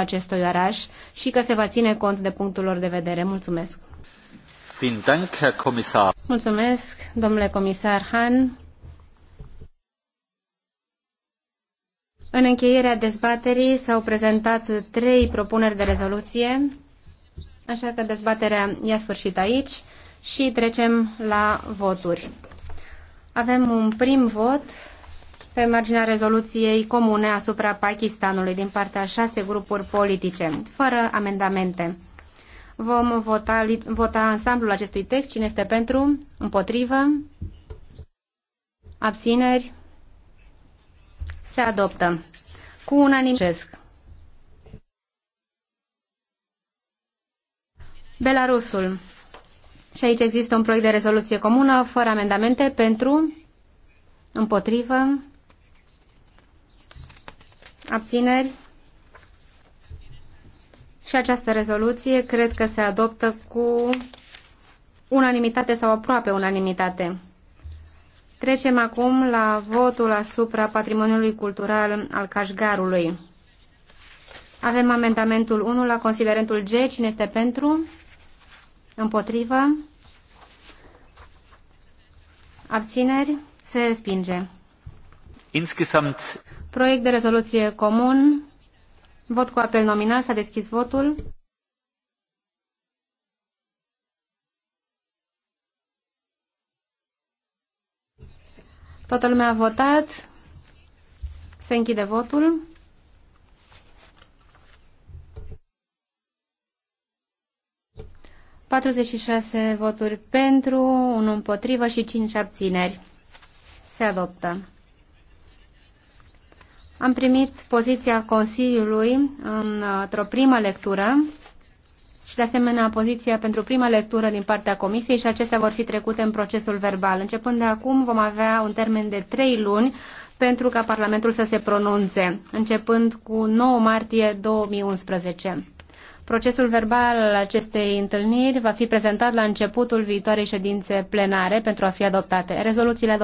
acestui oraș și că se va ține cont de punctul lor de vedere. Mulțumesc! Mulțumesc, domnule comisar Han. În încheierea dezbaterii s-au prezentat trei propuneri de rezoluție, așa că dezbaterea i-a sfârșit aici și trecem la voturi. Avem un prim vot pe marginea rezoluției comune asupra Pakistanului din partea șase grupuri politice, fără amendamente. Vom vota, vota ansamblul acestui text. Cine este pentru? Împotrivă? Abțineri? Se adoptă. Cu unanimesc. Belarusul. Și aici există un proiect de rezoluție comună, fără amendamente, pentru, împotrivă, abțineri. Și această rezoluție cred că se adoptă cu unanimitate sau aproape unanimitate. Trecem acum la votul asupra patrimoniului cultural al Cașgarului. Avem amendamentul 1 la considerentul G. Cine este pentru? Împotrivă? Abțineri? Se respinge. Insgesamt Proiect de rezoluție comun. Vot cu apel nominal. S-a deschis votul. Toată lumea a votat. Se închide votul. Patruzeci și șase voturi pentru, unul împotrivă și cinci abțineri. Se adoptă. Am primit poziția Consiliului într-o primă lectură și de asemenea poziția pentru prima lectură din partea Comisiei și acestea vor fi trecute în procesul verbal. Începând de acum vom avea un termen de trei luni pentru ca Parlamentul să se pronunțe, începând cu 9 martie 2011. Procesul verbal al acestei întâlniri va fi prezentat la începutul viitoarei ședințe plenare pentru a fi adoptate. Rezoluțiile